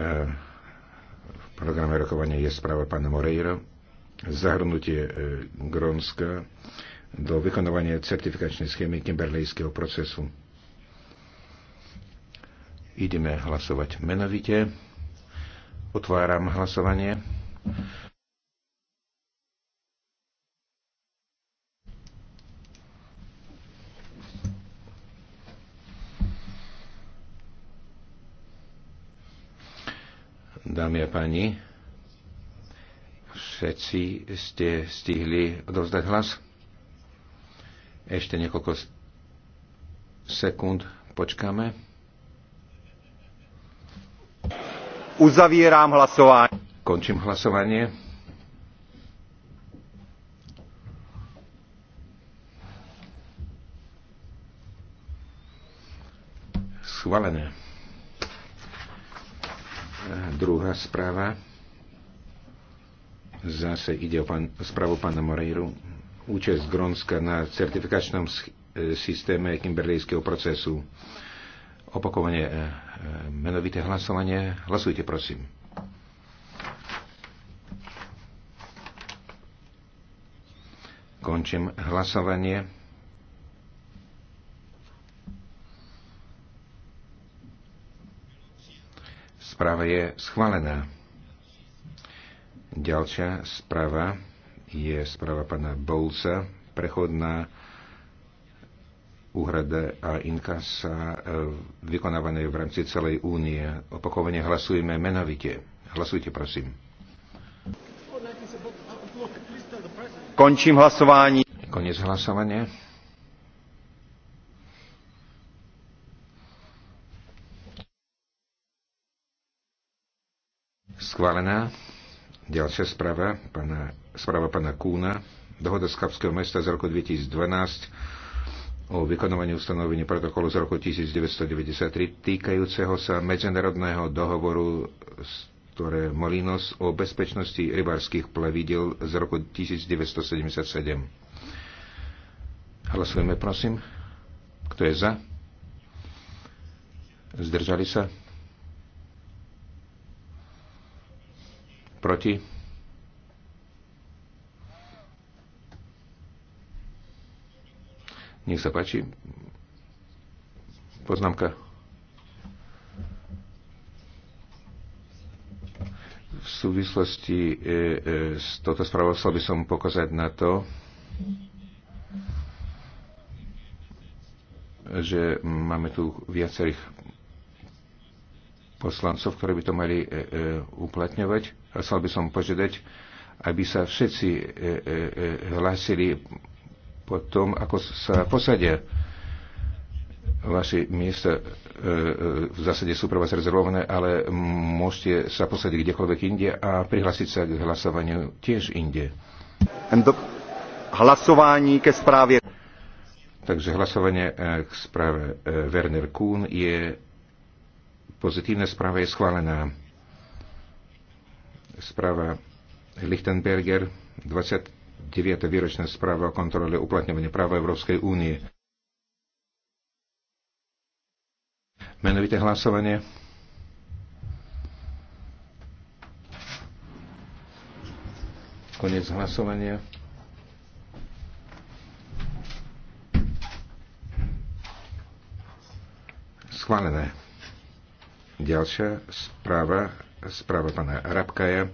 E, v programe rokovania je správa pána Moreira, zahrnutie e, Grónska do vykonovania certifikačnej schémy kimberlejského procesu. Ideme hlasovať menovite. Otváram hlasovanie. dámy a páni. Všetci ste stihli odovzdať hlas? Ešte niekoľko sekúnd počkáme. Uzavieram hlasovanie. Končím hlasovanie. Schválené. Druhá správa. Zase ide o pan, správu pána Moreiru. Účasť Grónska na certifikačnom e, systéme kimberlejského procesu. Opakovanie e, e, menovité hlasovanie. Hlasujte, prosím. Končím hlasovanie. Správa je schválená. Ďalšia správa je správa pána Bolca, prechodná úhrada a inkasa e, vykonávané v rámci celej únie. Opakovane hlasujeme menovite. Hlasujte, prosím. Končím hlasovanie. Konec hlasovania. Schválená. Ďalšia správa, pana, správa pana Kúna. Dohoda z Kapského mesta z roku 2012 o vykonovaní ustanovení protokolu z roku 1993 týkajúceho sa medzinárodného dohovoru ktoré Molinos o bezpečnosti rybárskych plavidel z roku 1977. Hlasujeme, prosím. Kto je za? Zdržali sa? Proti? Nech sa páči. Poznámka. V súvislosti e, e, s touto správou chcel by som pokazať na to, že máme tu viacerých poslancov, ktorí by to mali e, e, uplatňovať. Chcel by som požiadať, aby sa všetci e, e, e, hlásili po tom, ako sa posadia vaše miesta v zásade sú pre vás rezervované, ale môžete sa posadiť kdekoľvek inde a prihlásiť sa k hlasovaniu tiež inde. Hlasování ke správe. Takže hlasovanie k správe Werner Kuhn je pozitívne správa je schválená správa Lichtenberger, 29. výročná správa o kontrole uplatňovania práva Európskej únie. Menovité hlasovanie. Konec hlasovania. Schválené. Ďalšia správa správa pana Rabkaja,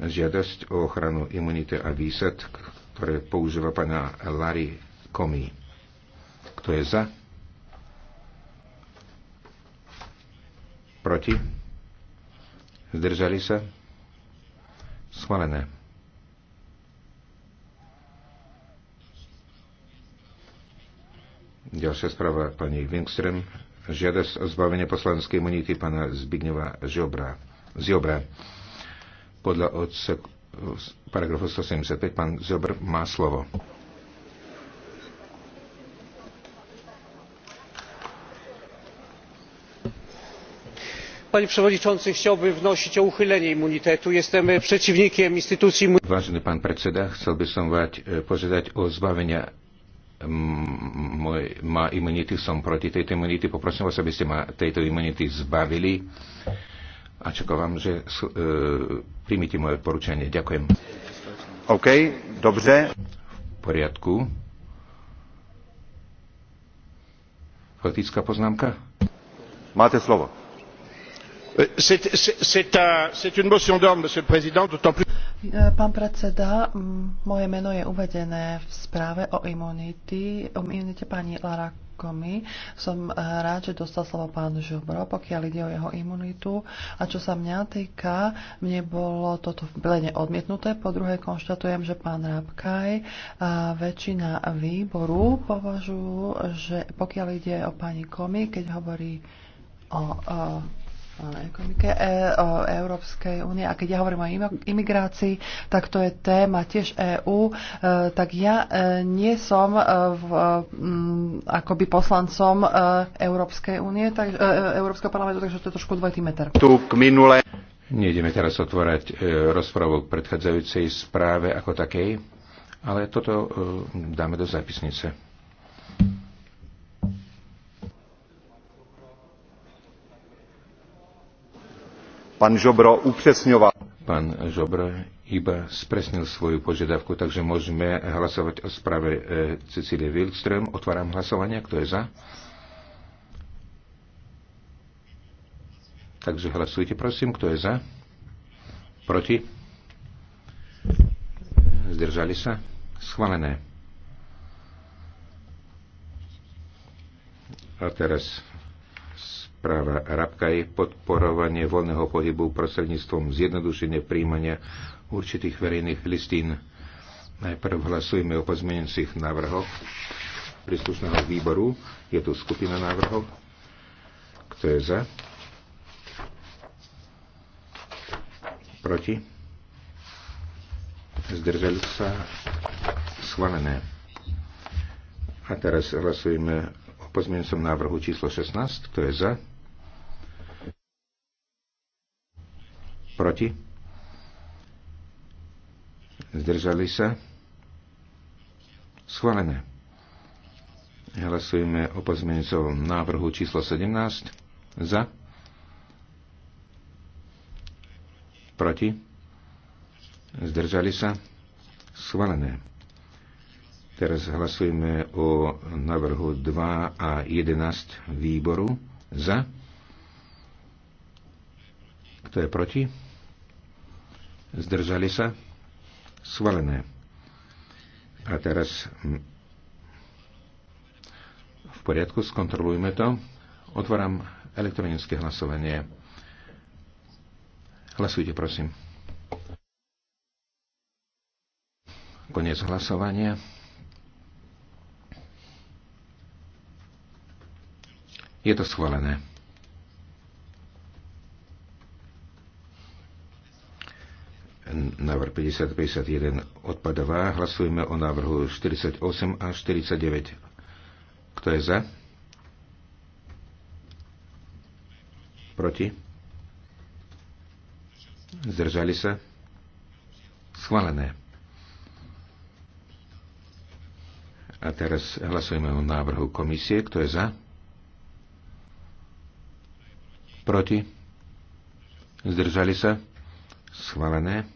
žiadosť o ochranu imunity a výsad, ktoré používa pana Larry Komi. Kto je za? Proti? Zdržali sa? Schválené. Ďalšia správa pani Wingström. Žiadosť o zbavenie poslanskej imunity pána Zbigneva Žobra. Ziobra. Podľa odsek paragrafu 175 pán Ziobr má slovo. panie przewodniczący! chciałbym wnosić o uchylenie immunitetu. jestem e, przeciwnikiem instytucji. immunitetu. Ważny pan predseda chciałby by som vás e, požiadať o zbavenia ma immunity, som proti tejto immunity. poprosím vás aby ste ma tejto immunity zbavili a čakávam, že e, príjmite moje poručenie. Ďakujem. OK, dobře. V poriadku. Faktická poznámka? Máte slovo. Euh, euh, pán predseda, moje meno je uvedené v správe o imunite, o imunite pani Lara výrobkami. Som eh, rád, že dostal slovo pán Žobro, pokiaľ ide o jeho imunitu. A čo sa mňa týka, mne bolo toto v plene odmietnuté. Po druhé konštatujem, že pán Rábkaj, a eh, väčšina výboru považujú, že pokiaľ ide o pani Komi, keď hovorí o, o eh, ekonomike e, o Európskej únie. A keď ja hovorím o imigrácii, tak to je téma tiež EÚ. E, tak ja e, nie som v, akoby poslancom Európskej únie, tak, Európskeho parlamentu, takže to je trošku dvojitý meter. Tu k minule. Nejdeme teraz otvárať rozpravu k predchádzajúcej správe ako takej, ale toto dáme do zápisnice. Pán Žobro upresňoval. Pán Žobro iba spresnil svoju požiadavku, takže môžeme hlasovať o správe e, Cecílie Wilström. Otváram hlasovanie. Kto je za? Takže hlasujte, prosím. Kto je za? Proti? Zdržali sa? Schválené. A teraz práva Rabka je podporovanie voľného pohybu prostredníctvom zjednodušenia príjmania určitých verejných listín. Najprv hlasujeme o pozmenujúcich návrhoch príslušného výboru. Je tu skupina návrhov. Kto je za? Proti? Zdržali sa? Schválené. A teraz hlasujeme pozmeňujúcom návrhu číslo 16. Kto je za? Proti? Zdržali sa? Schválené. Hlasujeme o pozmeňujúcom návrhu číslo 17. Za? Proti? Zdržali sa? Schválené. Teraz hlasujeme o návrhu 2 a 11 výboru. Za. Kto je proti? Zdržali sa? Svalené. A teraz v poriadku, skontrolujme to. Otváram elektronické hlasovanie. Hlasujte, prosím. Konec hlasovania. Je to schválené. Návrh 5051 odpadová. Hlasujeme o návrhu 48 a 49. Kto je za? Proti? Zdržali sa? Schválené. A teraz hlasujeme o návrhu komisie. Kto je za? Proti? Zdržali sa? Schválené.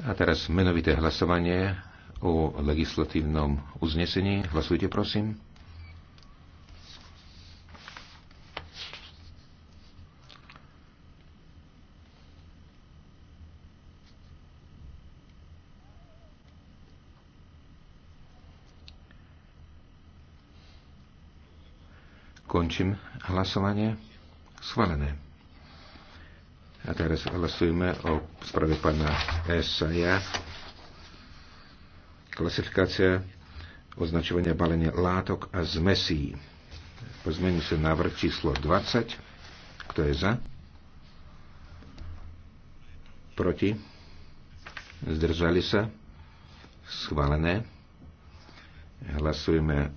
A teraz menovité hlasovanie o legislatívnom uznesení. Hlasujte, prosím. Končím hlasovanie. Schválené. A teraz hlasujeme o správe pána Esaja. Klasifikácia označovania balenia látok a zmesí. Pozmení sa návrh číslo 20. Kto je za? Proti? Zdržali sa? Schválené. Hlasujeme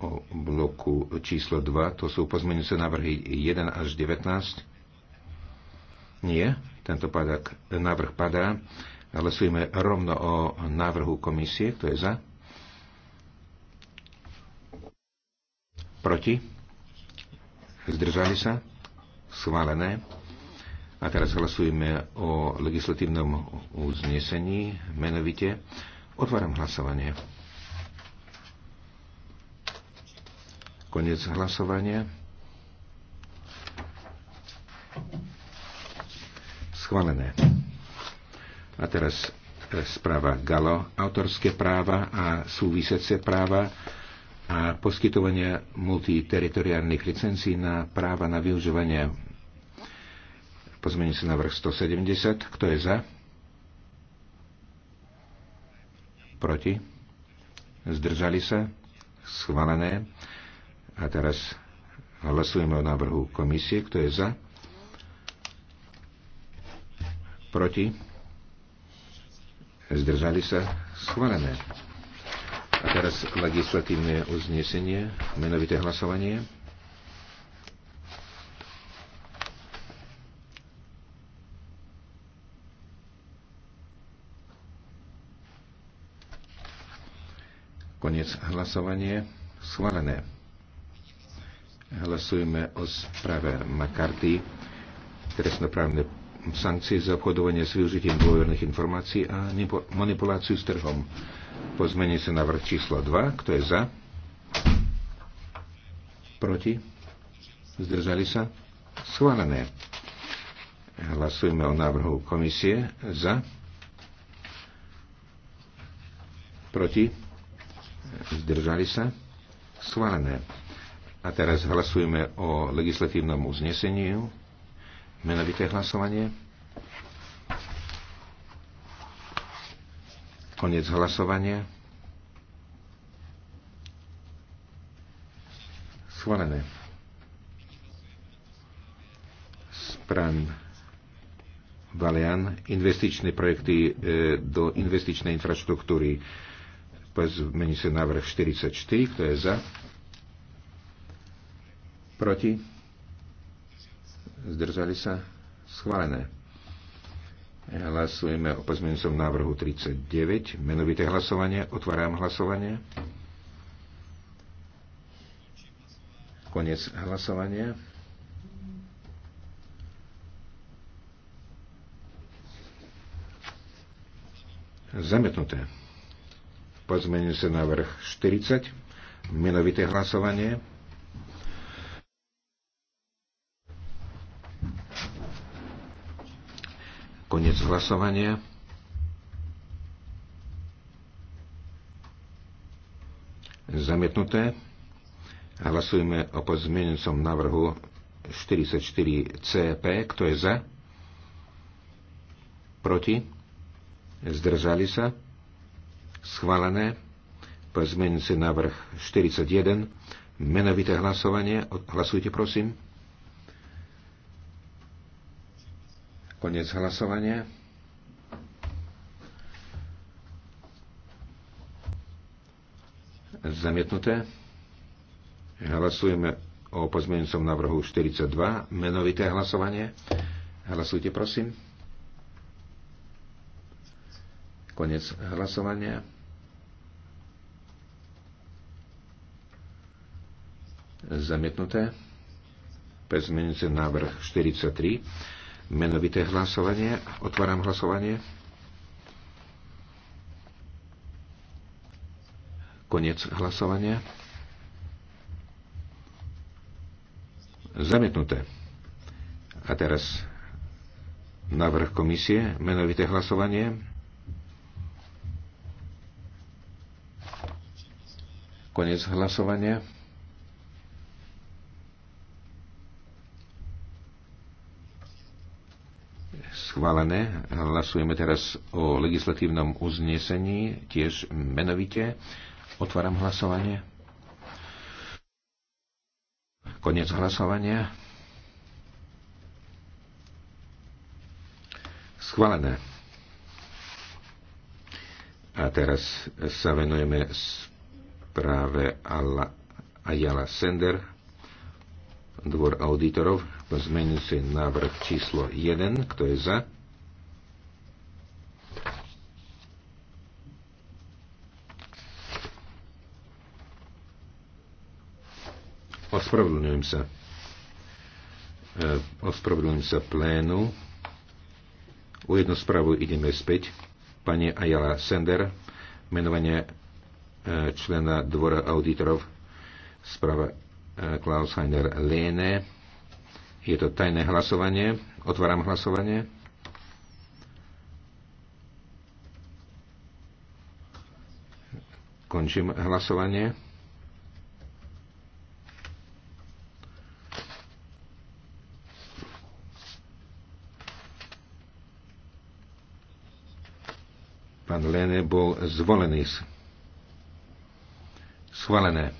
o bloku číslo 2. To sú pozmeňujúce návrhy 1 až 19. Nie, tento padak, návrh padá. Hlasujeme rovno o návrhu komisie. Kto je za? Proti? Zdržali sa? Schválené. A teraz hlasujeme o legislatívnom uznesení, menovite. Otváram hlasovanie. Konec hlasovania. Schválené. A teraz e, správa Galo, autorské práva a súvisece práva a poskytovanie multiteritoriálnych licencií na práva na využívanie. Pozmení sa návrh 170. Kto je za? Proti? Zdržali sa? Schválené. A teraz hlasujeme o návrhu komisie. Kto je za? Proti? Zdržali sa? Schválené. A teraz legislatívne uznesenie, menovité hlasovanie. Konec hlasovanie. Schválené. Hlasujeme o správe McCarthy, trestnoprávne sankcie za obchodovanie s využitím dôverných informácií a manipuláciu s trhom. Pozmení sa návrh číslo 2. Kto je za? Proti? Zdržali sa? Schválené. Hlasujeme o návrhu komisie. Za? Proti? Zdržali sa? Schválené. A teraz hlasujeme o legislatívnom uzneseniu. Menovité hlasovanie. Konec hlasovania. Schválené. Spran Valian, investičné projekty e, do investičnej infraštruktúry. Pozmení sa návrh 44, kto je za. Proti? Zdržali sa? Schválené. Hlasujeme o pozmeňujúcom návrhu 39. Menovité hlasovanie. Otváram hlasovanie. Konec hlasovania. Zametnuté. Pozmeňujúce sa návrh 40. Menovité hlasovanie. Koniec hlasovania. Zamietnuté. Hlasujeme o pozmenencom návrhu 44CP. Kto je za? Proti? Zdržali sa? Schválené. Pozmenujúci návrh 41. Menovité hlasovanie. Hlasujte, prosím. Konec hlasovania. Zamietnuté. Hlasujeme o pozmeňujúcom návrhu 42. Menovité hlasovanie. Hlasujte, prosím. Konec hlasovania. Zamietnuté. Pozmeňujúci návrh 43 Menovité hlasovanie. Otváram hlasovanie. Konec hlasovania. Zamietnuté. A teraz návrh komisie, menovité hlasovanie. Konec hlasovania. schválené. Hlasujeme teraz o legislatívnom uznesení, tiež menovite. Otváram hlasovanie. Konec hlasovania. Schválené. A teraz sa venujeme správe Ayala Sender, dvor auditorov. Pozmenujúci návrh číslo 1. Kto je za? Ospravedlňujem sa. E, ospravedlňujem sa plénu. U jednu správu ideme späť. Pani Ayala Sender, menovanie e, člena Dvora auditorov, správa e, Klaus Heiner Lene, je to tajné hlasovanie. Otváram hlasovanie. Končím hlasovanie. Pán Lene bol zvolený. Schválené.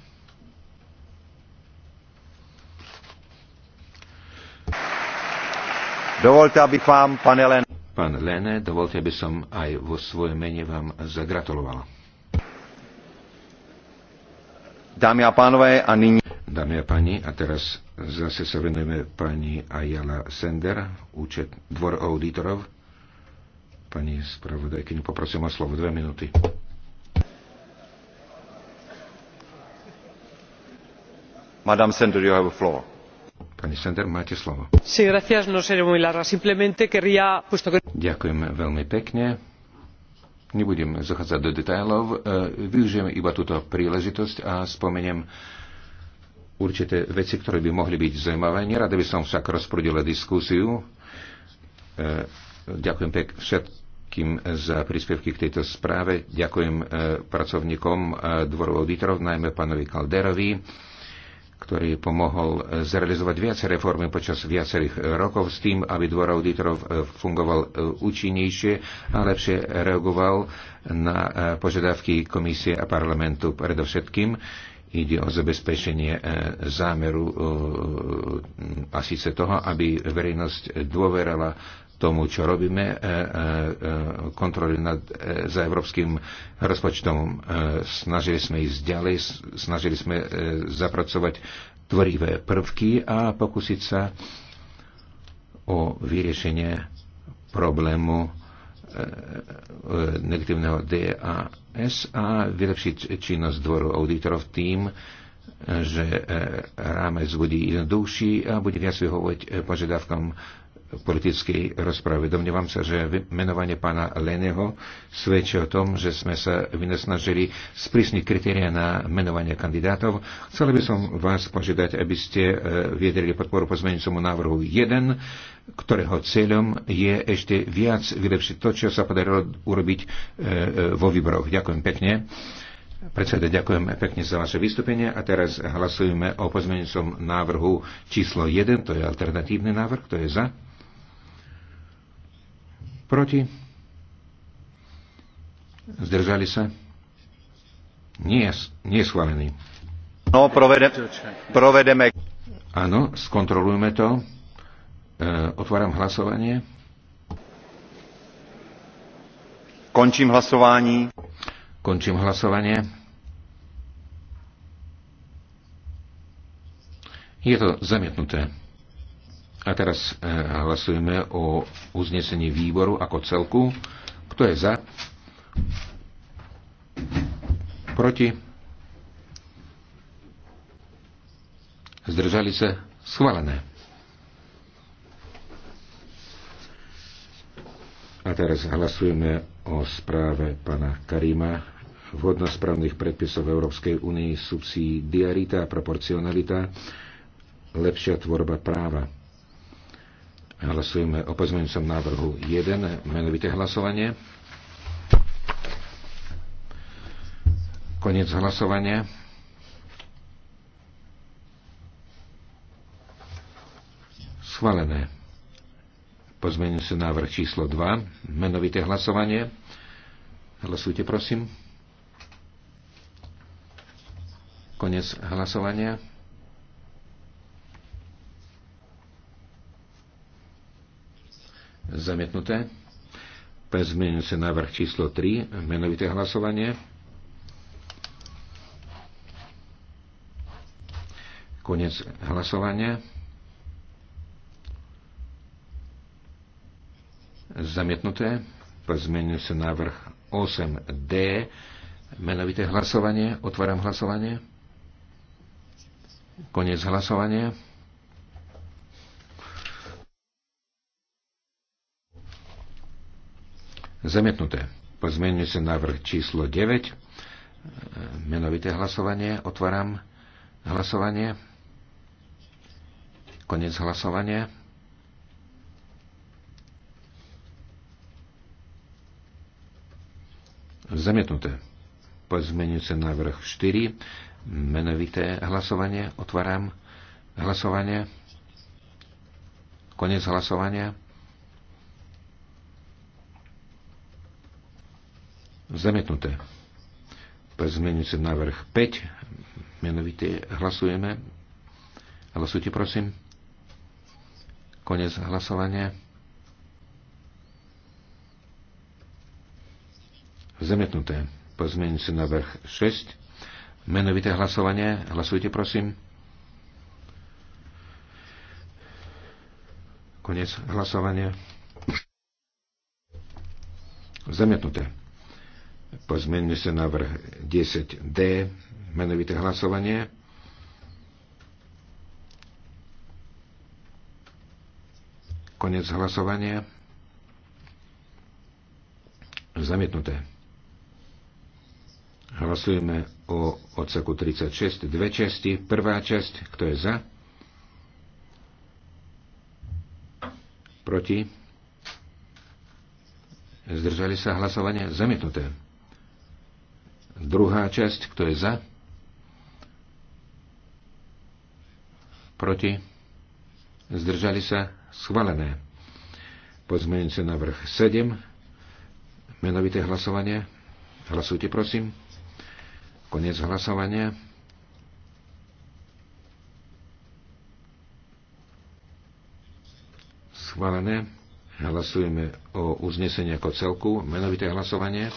Dovolte, abych vám, pane Lene... Pán Lene, dovolte, aby som aj vo svojom mene vám zagratuloval. Dámy a pánové, a nyní... Dámy a páni, a teraz zase sa venujeme pani Ayala Sender, účet dvor auditorov. Pani spravodajkyňu, poprosím o slovo dve minúty. Madame Sender, you have a floor. Pani Sender, máte slovo. Sí, gracias, no seré muy larga. Simplemente querría, puesto que... Ďakujem veľmi pekne. Nebudem zachádzať do detajlov. E, využijem iba túto príležitosť a spomeniem určité veci, ktoré by mohli byť zaujímavé. Nerada by som však rozprudila diskusiu. E, ďakujem pek všetkým za príspevky k tejto správe. Ďakujem e, pracovníkom dvorov auditorov, najmä pánovi Kalderovi ktorý pomohol e, zrealizovať viac reformy počas viacerých e, rokov s tým, aby dvor auditorov e, fungoval účinnejšie a lepšie reagoval na požiadavky komisie a parlamentu. Predovšetkým ide o zabezpečenie zámeru a síce toho, aby verejnosť dôverala tomu, čo robíme, e, e, e, kontroly nad, za európskym rozpočtom. Snažili sme ísť ďalej, snažili sme zapracovať tvorivé prvky a pokúsiť sa o vyriešenie problému negatívneho DAS a vylepšiť činnosť dvoru auditorov tým, že rámec bude jednoduchší a bude viac vyhovovať požiadavkám politickej rozprave. Domnievam sa, že menovanie pána Leného svedčí o tom, že sme sa vynasnažili sprísniť kritéria na menovanie kandidátov. Chcel by som vás požiadať, aby ste e, viedeli podporu pozmeňujúcemu návrhu 1, ktorého cieľom je ešte viac vylepšiť to, čo sa podarilo urobiť e, e, vo výboroch. Ďakujem pekne. Predseda, ďakujem pekne za vaše vystúpenie a teraz hlasujeme o pozmeňujúcom návrhu číslo 1, to je alternatívny návrh, kto je za? Proti? Zdržali sa? Nie, nie schválený. No, provede, provedeme. Áno, skontrolujme to. E, otváram hlasovanie. Končím hlasování. Končím hlasovanie. Je to zamietnuté. A teraz eh, hlasujeme o uznesení výboru ako celku. Kto je za? Proti? Zdržali sa? Schválené. A teraz hlasujeme o správe pana Karima. Vhodnosť správnych predpisov Európskej únii, subsidiarita a proporcionalita, lepšia tvorba práva. Hlasujeme o pozmeňujúcom návrhu 1, menovité hlasovanie. Konec hlasovania. Schválené. Pozmeňujúci návrh číslo 2, menovité hlasovanie. Hlasujte, prosím. Konec hlasovania. Zamietnuté. sa návrh číslo 3, menovité hlasovanie. Konec hlasovania. Zamietnuté. sa návrh 8D, menovité hlasovanie. Otváram hlasovanie. Konec hlasovania. Zamietnuté. Pozmeňujúci návrh číslo 9. E, Menovité hlasovanie. Otváram hlasovanie. Konec hlasovania. Zamietnuté. Pozmeňujúci návrh 4. Menovité hlasovanie. Otváram hlasovanie. Konec hlasovania. Zamietnuté. Pozmeňujúci návrh 5. Menovite hlasujeme. Hlasujte, prosím. Konec hlasovania. Zamietnuté. Pozmeňujúci návrh 6. Menovité hlasovanie. Hlasujte, prosím. Konec hlasovania. Zamietnuté. Pozmeňme sa navrh 10D, menovité hlasovanie. Konec hlasovania. Zamietnuté. Hlasujeme o odseku 36, dve časti. Prvá časť, kto je za? Proti? Zdržali sa hlasovanie. Zamietnuté. Druhá časť, kto je za? Proti? Zdržali sa? Schválené. na návrh 7. Menovité hlasovanie. Hlasujte, prosím. Konec hlasovania. Schválené. Hlasujeme o uznesení ako celku. Menovité hlasovanie.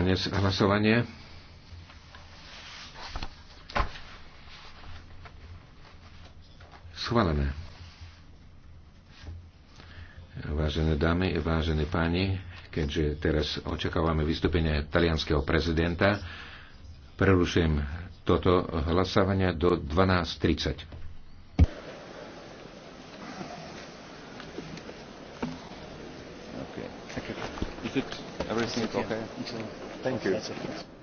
Konec hlasovanie. Schválené. Vážené dámy, vážené páni, keďže teraz očakávame vystúpenie talianského prezidenta, prerušujem toto hlasovanie do 12.30. think. Okay. Thank you.